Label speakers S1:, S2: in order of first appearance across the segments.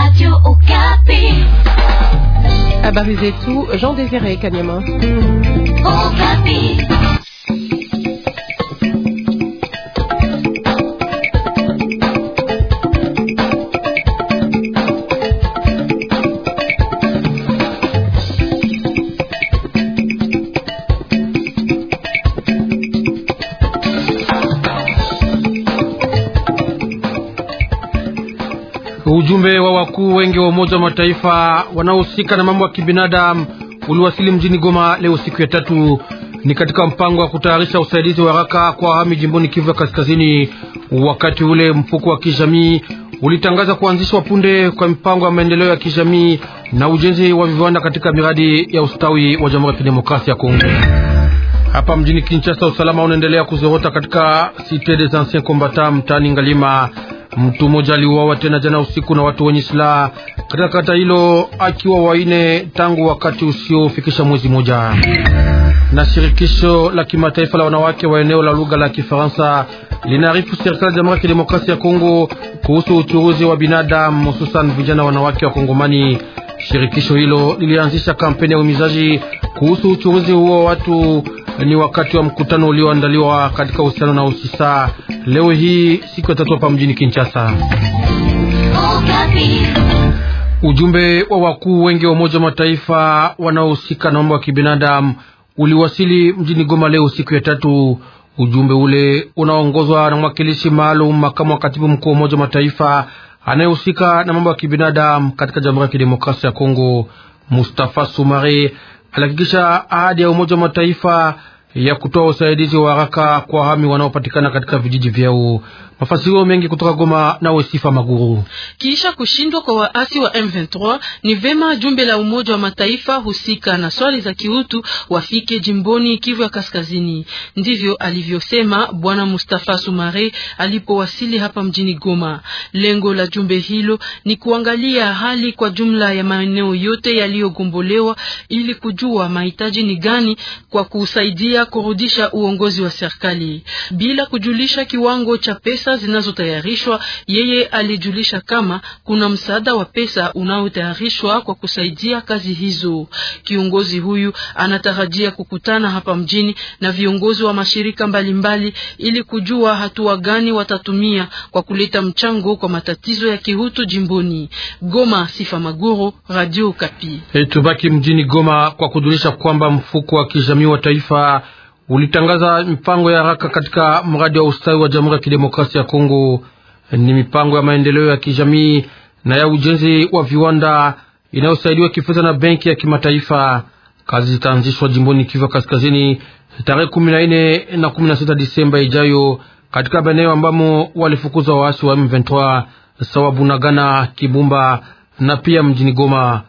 S1: Radio Okapi.
S2: Habari tout, Jean Désiré
S3: Kanyama. Capi
S4: Ujumbe wa wakuu wengi wa Umoja wa Mataifa wanaohusika na mambo ya kibinadamu uliwasili mjini Goma leo siku ya tatu, ni katika mpango wa kutayarisha usaidizi wa haraka kwa wahami jimboni Kivu ya Kaskazini. Wakati ule mfuko wa kijamii ulitangaza kuanzishwa punde kwa mpango wa maendeleo ya kijamii na ujenzi wa viwanda katika miradi ya ustawi wa Jamhuri ya Kidemokrasia ya Kongo. Hapa mjini Kinshasa, usalama unaendelea kuzorota katika Cite des Anciens Combattants mtaani Ngalima. Mtu mmoja aliuawa tena jana usiku na watu wenye silaha katika kata hilo, akiwa waine tangu wakati usiofikisha mwezi mmoja. Na shirikisho la kimataifa la wanawake wa eneo la lugha la Kifaransa linaarifu serikali ya Jamhuri ya Kidemokrasia ya Kongo kuhusu uchuruzi wa binadamu, hususan vijana wanawake wa Kongomani. Shirikisho hilo lilianzisha kampeni ya uhimizaji kuhusu uchuruzi huo wa watu ni wakati wa mkutano ulioandaliwa katika uhusiano na usisa leo hii siku ya tatu hapa mjini Kinshasa. Ujumbe wa wakuu wengi wa Umoja wa Mataifa wanaohusika na mambo ya kibinadamu uliwasili mjini Goma leo siku ya tatu. Ujumbe ule unaongozwa na mwakilishi maalum makamu wa katibu mkuu wa Umoja wa Mataifa anayehusika na mambo ya kibinadamu katika Jamhuri ya Kidemokrasia ya Kongo, Mustafa Sumari alihakikisha ahadi ya Umoja wa Mataifa ya kutoa usaidizi wa haraka kwa wahami wanaopatikana katika vijiji vyao. Mafasirio mengi kutoka Goma na Wesifa Maguru.
S2: Kisha kushindwa kwa waasi wa M23, ni vema jumbe la Umoja wa Mataifa husika na swali za kiutu wafike jimboni Kivu ya Kaskazini. Ndivyo alivyosema Bwana Mustafa Sumare alipowasili hapa mjini Goma. Lengo la jumbe hilo ni kuangalia hali kwa jumla ya maeneo yote yaliyogombolewa ili kujua mahitaji ni gani kwa kusaidia kurudisha uongozi wa serikali bila kujulisha kiwango cha pesa pesa zinazotayarishwa. Yeye alijulisha kama kuna msaada wa pesa unaotayarishwa kwa kusaidia kazi hizo. Kiongozi huyu anatarajia kukutana hapa mjini na viongozi wa mashirika mbalimbali mbali, ili kujua hatua gani watatumia kwa kuleta mchango kwa matatizo ya kihutu jimboni Goma. Sifa Maguru, Radio Kapi.
S4: Hey, tubaki mjini Goma kwa kudulisha kwamba mfuko wa kijamii wa taifa ulitangaza mipango ya haraka katika mradi wa ustawi wa Jamhuri ya Kidemokrasia ya Kongo. Ni mipango ya maendeleo ya kijamii na ya ujenzi wa viwanda inayosaidiwa kifedha na benki ya kimataifa. Kazi zitaanzishwa jimboni Kivu Kaskazini tarehe kumi na nne na kumi na sita Disemba ijayo katika maeneo ambamo walifukuza waasi wa M23 sawa Bunagana, Kibumba na pia mjini Goma.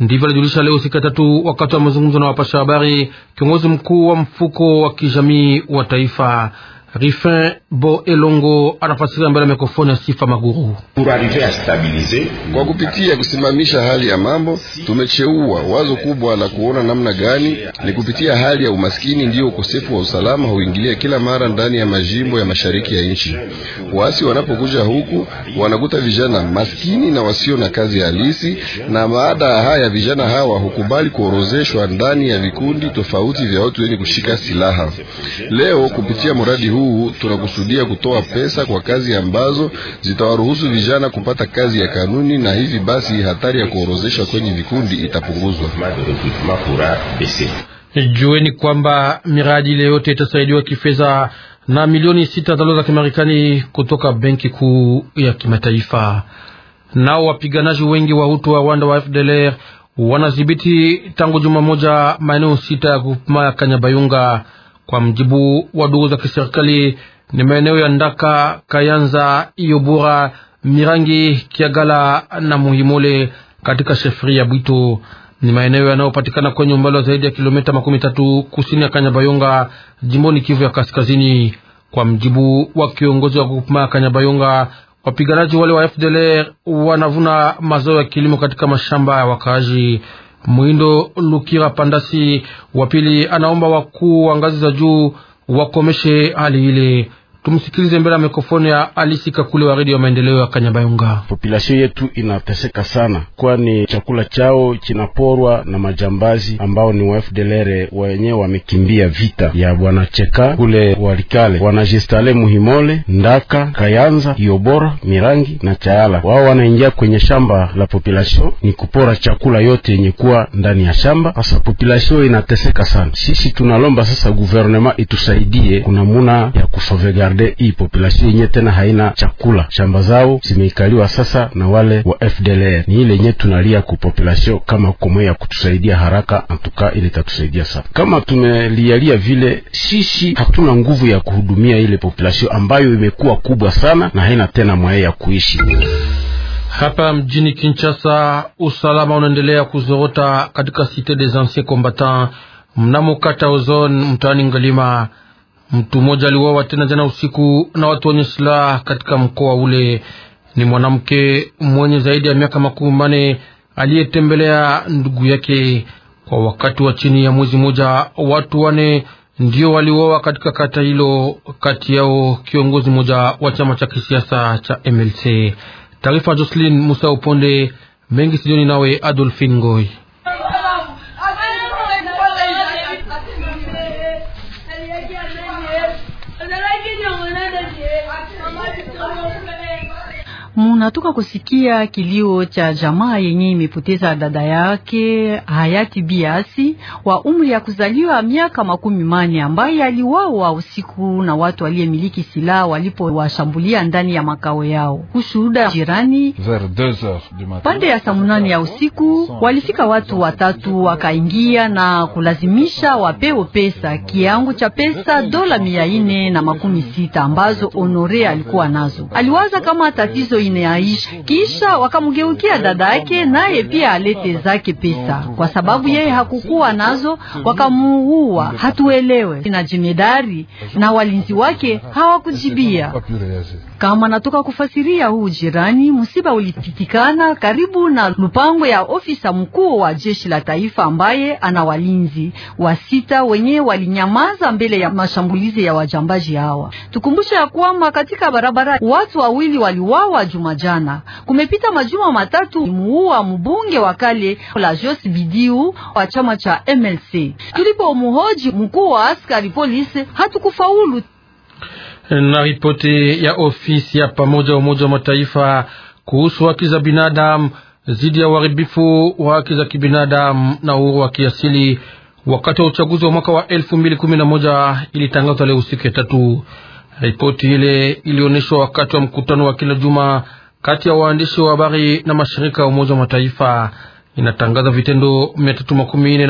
S4: Ndivyo alijulisha leo siku ya tatu wakati wa mazungumzo na wapasha habari kiongozi mkuu wa mfuko wa kijamii wa taifa. Rifin Bo Elongo anafasiria mbele ya mikrofoni ya Sifa Maguru.
S1: Kwa kupitia kusimamisha hali ya mambo, tumecheua wazo kubwa la kuona namna gani ni kupitia hali ya umaskini ndiyo ukosefu wa usalama huingilia kila mara ndani ya majimbo ya mashariki ya nchi. Waasi wanapokuja huku wanakuta vijana maskini na wasio na kazi halisi, na baada ya haya vijana hawa hukubali kuorozeshwa ndani ya vikundi tofauti vya watu wenye kushika silaha. Leo kupitia mradi huu huu tunakusudia kutoa pesa kwa kazi ambazo zitawaruhusu vijana kupata kazi ya kanuni, na hivi basi hatari ya kuorozesha kwenye vikundi itapunguzwa.
S4: Jueni kwamba miradi ile yote itasaidiwa kifedha na milioni sita za dola za Kimarekani kutoka benki kuu ya kimataifa. Nao wapiganaji wengi wa Hutu wa Rwanda wa FDLR wanadhibiti tangu juma moja maeneo sita ya kupma Kanyabayunga. Kwa mjibu wa duru za kiserikali, ni maeneo ya Ndaka, Kayanza, Iyobora, Mirangi, Kiagala na Muhimole katika shefri ya Bwito. Ni maeneo yanayopatikana kwenye umbali wa zaidi ya kilomita makumi tatu kusini ya Kanyabayonga, jimboni Kivu ya Kaskazini. Kwa mjibu wa kiongozi wa grupema Kanyabayonga, wapiganaji wale wa FDLR wanavuna mazao ya kilimo katika mashamba ya wakaaji. Mwindo Lukira Pandasi wa pili anaomba wakuu wa ngazi za juu wakomeshe hali ile. Tumsikilize mbele ya mikrofoni ya Alisi Kakule wa redio ya maendeleo ya Kanyabayonga.
S3: Population yetu inateseka sana, kwani chakula chao kinaporwa na majambazi ambao ni wa FDLR wenyewe, wamekimbia vita ya bwana Cheka kule Walikale, wanajistale Muhimole, Ndaka, Kayanza, Iobora, Mirangi na Chayala. Wao wanaingia kwenye shamba la population, ni kupora chakula yote yenye kuwa ndani ya shamba. Sasa population inateseka sana, sisi tunalomba sasa guvernema itusaidie kuna muna ya kusovega bombarde hii population yenye tena haina chakula, shamba zao zimeikaliwa sasa na wale wa FDLR. Ni ile yenye tunalia ku population kama komwe ya kutusaidia haraka, antuka ile tatusaidia sana. Kama tumelialia vile, sisi hatuna nguvu ya kuhudumia ile population ambayo imekuwa kubwa sana na haina tena mwaye ya kuishi.
S4: Hapa mjini Kinshasa, usalama unaendelea kuzorota katika Cite des Anciens Combattants mnamo kata Ozone mtaani Ngalima. Mtu mmoja aliuawa tena jana usiku na watu wenye silaha katika mkoa ule. Ni mwanamke mwenye zaidi ya miaka makumi manne aliyetembelea ndugu yake. Kwa wakati wa chini ya mwezi mmoja, watu wane ndio waliuawa katika kata hilo, kati yao kiongozi mmoja wa chama cha kisiasa cha MLC. Taarifa Jocelyn Musa Uponde mengi sijoni, nawe Adolfin Ngoi.
S2: Munatoka kusikia kilio cha jamaa yenye imepoteza dada yake hayati Biasi wa umri ya kuzaliwa miaka makumi mane ambaye aliwawa usiku na watu aliyemiliki silaha walipowashambulia ndani ya makao yao. Kushuhuda jirani, pande ya saa munane ya usiku walifika watu watatu wakaingia na kulazimisha wapeo pesa kiango cha pesa dola mia ine na makumi sita ambazo Honore alikuwa nazo. Aliwaza kama tatizo Gineai, kisha wakamgeukia dada yake, naye pia alete zake pesa, kwa sababu yeye hakukuwa nazo, wakamuua. Hatuelewe na jemedari na walinzi wake hawakujibia kama natoka kufasiria huu jirani, msiba ulipitikana karibu na lupango ya ofisa mkuu wa jeshi la taifa ambaye ana walinzi wa sita wenye walinyamaza mbele ya mashambulizi ya wajambaji hawa. Tukumbushe ya kwamba katika barabara watu wawili waliwawa jumajana kumepita majuma matatu muua mbunge wa kale la Jos Bidiu wa chama cha MLC. muhoji mkuu wa askari polisi hatukufaulu
S4: na ripoti ya ofisi ya pamoja Umoja wa Mataifa kuhusu haki za binadamu dhidi ya uharibifu wa haki za kibinadamu na uhuru wa kiasili wakati wa uchaguzi wa mwaka wa moja ilitangazwa leo siku ya tatu. Ripoti ile ilionyeshwa wakati wa mkutano wa kila juma kati ya waandishi wa habari na mashirika ya Umoja wa Mataifa inatangaza vitendo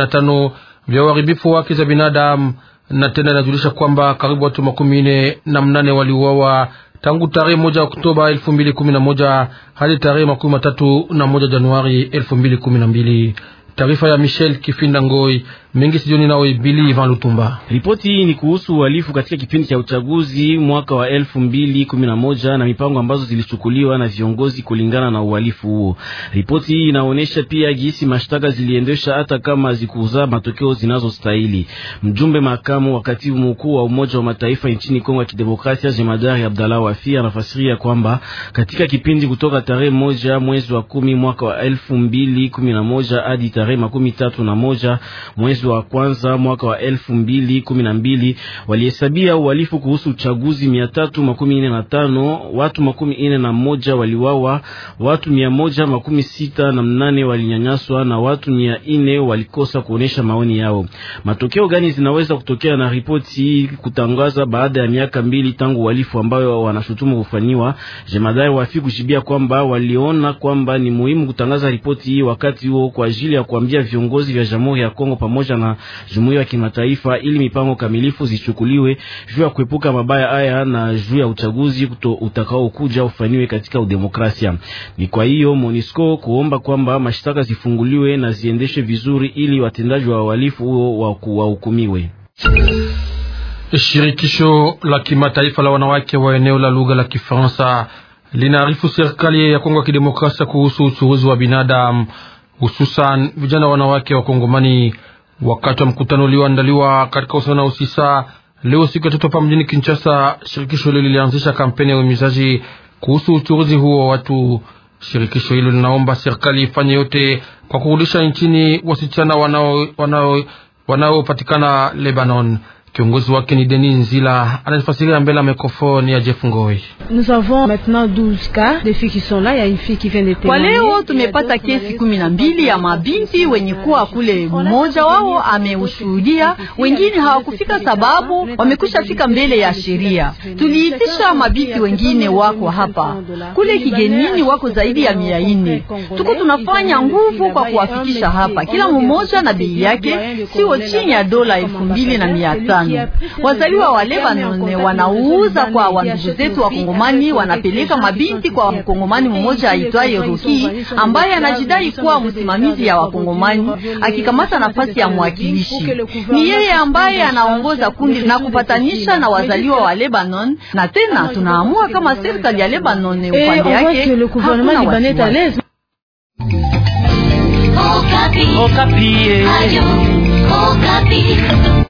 S4: tano vya uharibifu wa haki za binadamu na tena inajulisha kwamba karibu watu makumi nne na mnane waliuawa tangu tarehe moja Oktoba elfu mbili kumi na moja hadi tarehe makumi matatu na moja Januari elfu mbili kumi na mbili. Taarifa ya Michel Kifinda Ngoi mengi sijoni nao ibili Ivan Lutumba.
S1: Ripoti hii ni kuhusu uhalifu katika kipindi cha uchaguzi mwaka wa elfu mbili kumi na moja na mipango ambazo zilichukuliwa na viongozi kulingana na uhalifu huo. Ripoti hii inaonyesha pia jinsi mashtaka ziliendesha hata kama zikuzaa matokeo zinazostahili. Mjumbe makamu wa katibu mkuu wa Umoja wa Mataifa nchini Kongo ya Kidemokrasia, jemadari Abdallah Wafi anafasiria kwamba katika kipindi kutoka tarehe moja mwezi wa kumi mwaka wa elfu mbili kumi na moja hadi tarehe makumi tatu na moja mwezi mwezi wa kwanza mwaka wa elfu mbili kumi na mbili walihesabia uhalifu kuhusu uchaguzi mia tatu makumi nne na tano watu makumi nne na moja waliwawa, watu mia moja makumi sita na mnane walinyanyaswa na watu mia nne walikosa kuonyesha maoni yao. Matokeo gani zinaweza kutokea na ripoti hii kutangaza baada ya miaka mbili tangu uhalifu ambayo wanashutumu kufanyiwa, jemadari wafi kushibia kwamba waliona kwamba ni muhimu kutangaza ripoti hii wakati huo kwa ajili ya kuambia viongozi vya Jamhuri ya Kongo pamoja pamoja na jumuiya ya kimataifa ili mipango kamilifu zichukuliwe juu ya kuepuka mabaya haya na juu ya uchaguzi utakaokuja ufanywe katika udemokrasia. Ni kwa hiyo MONUSCO kuomba kwamba mashtaka zifunguliwe na ziendeshe vizuri ili watendaji wa uhalifu huo wahukumiwe.
S4: Shirikisho la kimataifa la wanawake wa eneo la lugha la Kifaransa linaarifu serikali ya Kongo ya Kidemokrasia kuhusu uchuruzi wa binadamu, hususan vijana wanawake wa Kongomani wakati wa mkutano ulioandaliwa katika uhusiano na Usisa leo siku ya tatu hapa mjini Kinshasa. Shirikisho hilo lilianzisha kampeni ya uhimizaji kuhusu uchuruzi huo wa watu. Shirikisho hilo linaomba serikali ifanye yote kwa kurudisha nchini wasichana wanaopatikana wanao, wanao Lebanon. Kiongozi wake ni Denis Nzila anafasiria mbele ya mikrofoni ya Jeff Ngoi.
S2: Kwa leo tumepata kesi kumi na mbili ya mabinti wenye kuwa kule, mmoja wao ameushuhudia, wengine hawakufika sababu wamekwisha fika mbele ya sheria. Tuliitisha mabinti wengine wako hapa kule kigenini, wako zaidi ya mia nne. Tuko tunafanya nguvu kwa kuwafikisha hapa, kila mmoja na bei yake, sio chini ya dola elfu mbili na mia tano tano. Wazaliwa wale wanone wanauza kwa wandugu zetu Wakongomani, wanapeleka mabinti kwa mkongomani mmoja aitwaye Ruki ambaye anajidai kuwa msimamizi ya Wakongomani, akikamata nafasi ya mwakilishi. Ni yeye ambaye anaongoza kundi na kupatanisha na wazaliwa wa Lebanon, na tena tunaamua kama serikali ya Lebanon upande yake hakuna Okapi.